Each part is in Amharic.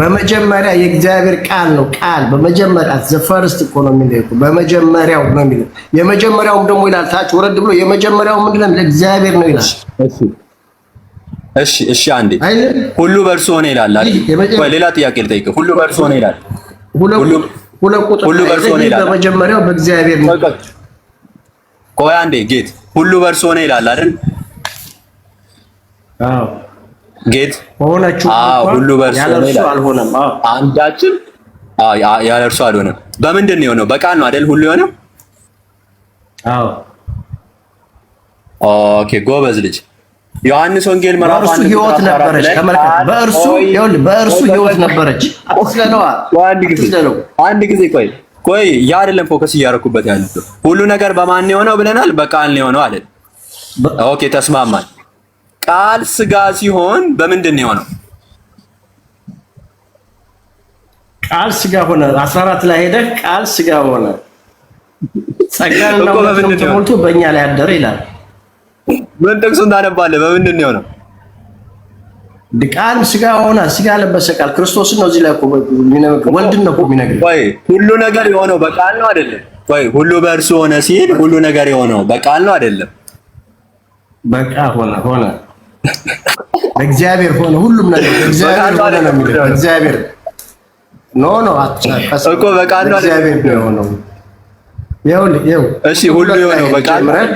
በመጀመሪያ የእግዚአብሔር ቃል ነው። ቃል በመጀመሪያ ዘ ፈርስት እኮ ነው የሚለው በመጀመሪያው ነው የሚለው። የመጀመሪያውም ደግሞ ይላል ታች ወረድ ብሎ የመጀመሪያው ምንድን ነው? እግዚአብሔር ነው ይላል። እሺ እሺ፣ እሺ፣ አንዴ ሁሉ በእርሱ ሆነ ይላል አይደል? ወይ ሌላ ጥያቄ ልጠይቅ። ሁሉ በእርሱ ሆነ ይላል። ሁሉ ሁሉ በእርሱ ሆነ ይላል። በመጀመሪያው በእግዚአብሔር ነው። ቆይ አንዴ ጌት፣ ሁሉ በእርሱ ሆነ ይላል አይደል? አዎ ጌት ሆናችሁ ሁሉ በእርሱ አልሆነም፣ አንዳችን ያለ እርሱ አልሆነም። በምንድን ነው የሆነው? በቃል ነው አይደል? ሁሉ የሆነው። ኦኬ፣ ጎበዝ ልጅ። ዮሐንስ ወንጌል ምዕራፍ አንድ ህይወት ነበረች። ተመልከት፣ በእርሱ ይሁን፣ በእርሱ ህይወት ነበረች። አንድ ጊዜ አንድ ጊዜ ቆይ ቆይ፣ ያ አይደለም ፎከስ እያደረኩበት ያለው። ሁሉ ነገር በማን የሆነው ብለናል? በቃል ነው የሆነው አይደል? ኦኬ፣ ተስማማል። ቃል ስጋ ሲሆን በምንድን ነው የሆነው? ቃል ስጋ ሆነ። 14 ላይ ሄደህ ቃል ስጋ ሆነ ጸጋን ጸጋና እውነትም ተሞልቶ በእኛ ላይ አደረ ይላል። ምን ጥቅሱ እናነባለን? በምንድን ነው የሆነው? ቃል ስጋ ሆነ፣ ስጋ ለበሰ ቃል ክርስቶስን ነው። እዚህ ላይ እኮ ወልድን ነው የሚነግረው። ወይ ሁሉ ነገር የሆነው በቃል ነው አይደለም? ወይ ሁሉ በእርሱ ሆነ ሲል ሁሉ ነገር የሆነው በቃል ነው አይደለም? በቃ ሆነ ሆነ እግዚአብሔር ሆነ ሁሉም ነገር እግዚአብሔር ሆነ ነው የሚለው። እግዚአብሔር ኖ ኖ አትሳፈስ እኮ በቃ አንዱ እግዚአብሔር ነው የሆነው። ይኸውልህ ይኸው እሺ፣ ሁሉ የሆነው በቃ ይኸውልህ፣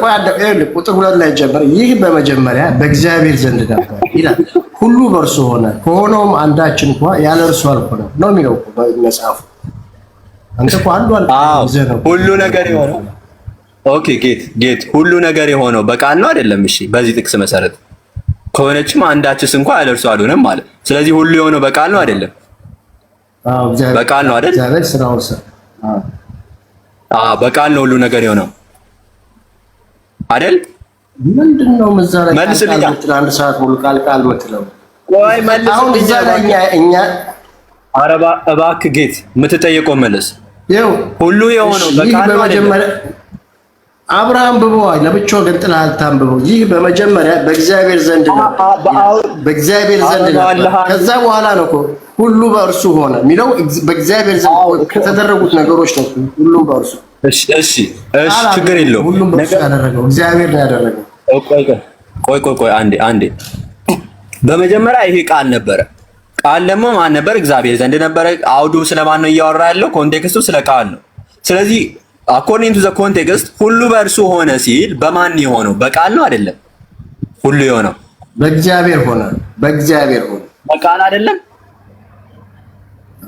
ቆይ አንድ ይኸውልህ፣ ቁጥር ሁለት ላይ ጀመረ። ይህ በመጀመሪያ በእግዚአብሔር ዘንድ ነበር ይላል። ሁሉ በእርሱ ሆነ፣ ከሆነውም አንዳችን እንኳ ያለ እርሱ አልሆነም ነው የሚለው መጽሐፉ። አንተ እኮ አንዱ አልሆነ ሁሉ ነገር የሆነው ኦኬ ጌት ጌት ሁሉ ነገር የሆነው በቃል ነው አይደለም? እሺ በዚህ ጥቅስ መሰረት ከሆነችም አንዳችስ እንኳን ያለ እርሱ አልሆነም ማለት። ስለዚህ ሁሉ የሆነው በቃል ነው አይደለም? በቃል ነው አይደል? አዎ በቃል ነው ሁሉ ነገር የሆነው አይደል? ምንድን ነው መዛሪያ መልስልኝ። አንድ ሰዓት ሙሉ ቃል ቃል የምትለው ቆይ መልስልኝ። እኛ ኧረ እባክህ ጌት የምትጠየቀው መልስ ሁሉ የሆነው በቃል ነው አይደለም? አብርሃም ብበዋ ለብቻው ገንጥላ አልታም ብበው ይህ በመጀመሪያ በእግዚአብሔር ዘንድ ነው። በእግዚአብሔር ዘንድ ነው። ከዛ በኋላ ነው እኮ ሁሉ በእርሱ ሆነ የሚለው በእግዚአብሔር ዘንድ ከተደረጉት ነገሮች ነው። ሁሉ በእርሱ እሺ፣ እሺ፣ እሺ፣ ችግር የለውም። ሁሉ በእርሱ ያደረገው እግዚአብሔር ነው ያደረገው። ቆይ ቆይ ቆይ፣ አንዴ አንዴ። በመጀመሪያ ይሄ ቃል ነበረ። ቃል ደግሞ ማን ነበር? እግዚአብሔር ዘንድ ነበረ። አውዱ ስለማን ነው እያወራ ያለው? ኮንቴክስቱ ስለ ቃል ነው። ስለዚህ አኮርዲንግ ቱ ዘ ኮንቴክስት ሁሉ በእርሱ ሆነ ሲል በማን የሆነው በቃል ነው አይደለም? ሁሉ የሆነው በእግዚአብሔር ሆነ። በእግዚአብሔር ሆነ በቃል አይደለም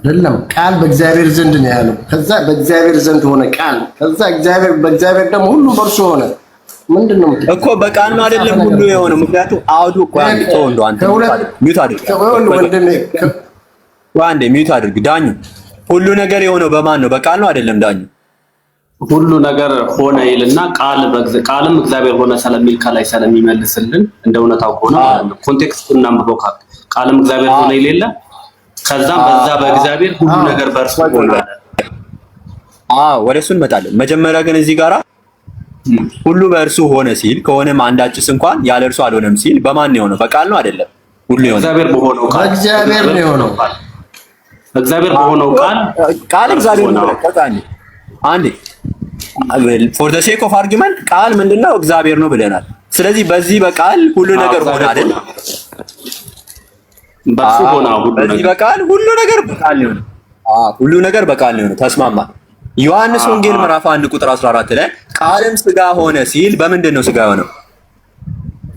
አይደለም። ቃል በእግዚአብሔር ዘንድ ነው ያለው። ከዛ በእግዚአብሔር ዘንድ ሆነ ቃል። ከዛ እግዚአብሔር በእግዚአብሔር ደግሞ ሁሉ በእርሱ ሆነ። ምንድነው እኮ በቃል ነው አይደለም? ሁሉ የሆነው ምክንያቱም አውዱ እኮ አንተ እንደው አንተ ሚውት አድርግ ወንዶ ሚውት አድርግ ዳኙ። ሁሉ ነገር የሆነው በማን ነው? በቃል ነው አይደለም? ዳኙ ሁሉ ነገር ሆነ ይልና ቃል ቃልም እግዚአብሔር ሆነ ስለሚል ከላይ ስለሚመልስልን እንደ እውነታው ሆነ ኮንቴክስቱን እናንብበው። ቃልም እግዚአብሔር ሆነ ይሌለ ከዛም በዛ በእግዚአብሔር ሁሉ ነገር በእርሱ ሆነ። አዎ ወደሱ እንመጣለን። መጀመሪያ ግን እዚህ ጋራ ሁሉ በእርሱ ሆነ ሲል ከሆነም አንድ እንኳን ያለ እርሱ አልሆነም ሲል በማን ነው የሆነው? በቃል ነው አይደለም? ሁሉ የሆነው እግዚአብሔር በሆነው ቃል እግዚአብሔር ነው የሆነው ቃል እግዚአብሔር በሆነው ቃል ቃል እግዚአብሔር ነው አንድ ፎር ዘ ሴክ ኦፍ አርጊመንት ቃል ምንድነው? እግዚአብሔር ነው ብለናል። ስለዚህ በዚህ በቃል ሁሉ ነገር ሆነ አይደል? በሱ ሆነ ሁሉ ነገር በቃል ሁሉ ነገር በቃል ነው። አዎ ሁሉ ነገር በቃል ነው። ተስማማ። ዮሐንስ ወንጌል ምዕራፍ 1 ቁጥር 14 ላይ ቃልም ስጋ ሆነ ሲል በምንድን ነው ስጋ የሆነው?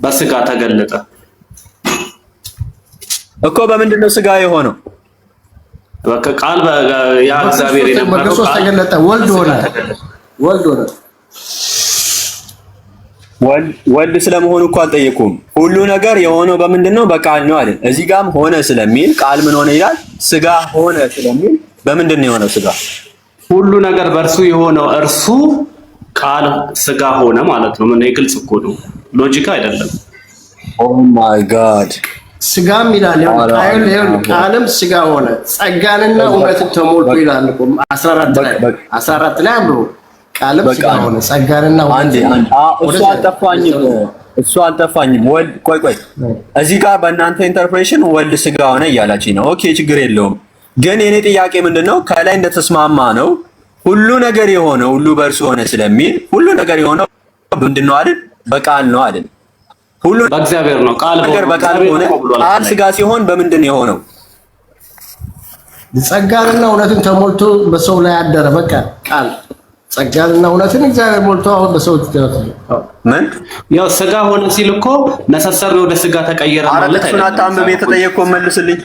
በስጋ ተገለጠ እኮ። በምንድን ነው ስጋ የሆነው? በቃ ቃል ያ እግዚአብሔር የነበረው ቃል ተገለጠ። ወልድ ሆነ። ወልድ ሆነ። ወልድ ስለመሆኑ እኮ አልጠየቁም። ሁሉ ነገር የሆነው በምንድን ነው? በቃል ነው አለ። እዚህ ጋም ሆነ ስለሚል ቃል ምን ሆነ ይላል? ስጋ ሆነ ስለሚል በምንድን ነው የሆነው? ስጋ ሁሉ ነገር በእርሱ የሆነው እርሱ ቃል ስጋ ሆነ ማለት ነው። ምን ግልጽ እኮ ነው። ሎጂካ አይደለም። ኦ ማይ ጋድ ስጋም ይላል ቃልም ስጋ ሆነ ጸጋንና እውነትን ተሞልቶ ይላል እኮ 14 ላይ 14 ላይ አብሮ ቃልም ስጋ ሆነ ጸጋንና እሱ አልጠፋኝም እሱ አልጠፋኝም ወልድ ቆይ ቆይ እዚህ ጋር በእናንተ ኢንተርፕሬሽን ወልድ ስጋ ሆነ እያላችኝ ነው ኦኬ ችግር የለውም ግን የኔ ጥያቄ ምንድነው ከላይ እንደተስማማ ነው ሁሉ ነገር የሆነ ሁሉ በእርሱ ሆነ ስለሚል ሁሉ ነገር የሆነው ምንድነው አይደል በቃል ነው አይደል ሁሉ በእግዚአብሔር ነው። ቃል ነገር በቃል ሆነ። ቃል ስጋ ሲሆን በምንድን የሆነው? ጸጋንና እውነትን ተሞልቶ በሰው ላይ አደረ። በቃ ቃል ጸጋንና እውነትን እግዚአብሔር ሞልቶ አሁን በሰው ተደረገ። ምን ያው ስጋ ሆነ ሲል እኮ ነሰሰር ነው ወደ ስጋ ተቀየረ ማለት አይደለም። አረ አታምም የተጠየቀው መልስልኝ።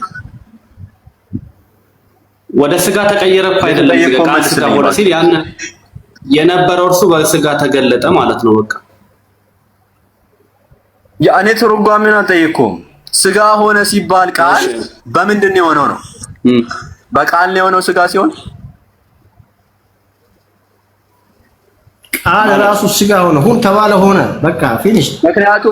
ወደ ስጋ ተቀየረ እኮ አይደለም። ቃል ስጋ ሆነ ሲል ያን የነበረው እርሱ በስጋ ተገለጠ ማለት ነው። በቃ እኔ ትርጓሜውን አልጠየኩም። ስጋ ሆነ ሲባል ቃል በምንድን የሆነው ነው? በቃል ነው የሆነው ስጋ ሲሆን ቃል ራሱ ስጋ ሆነ። ሁን ተባለ ሆነ። በቃ ፊኒሽ። ምክንያቱም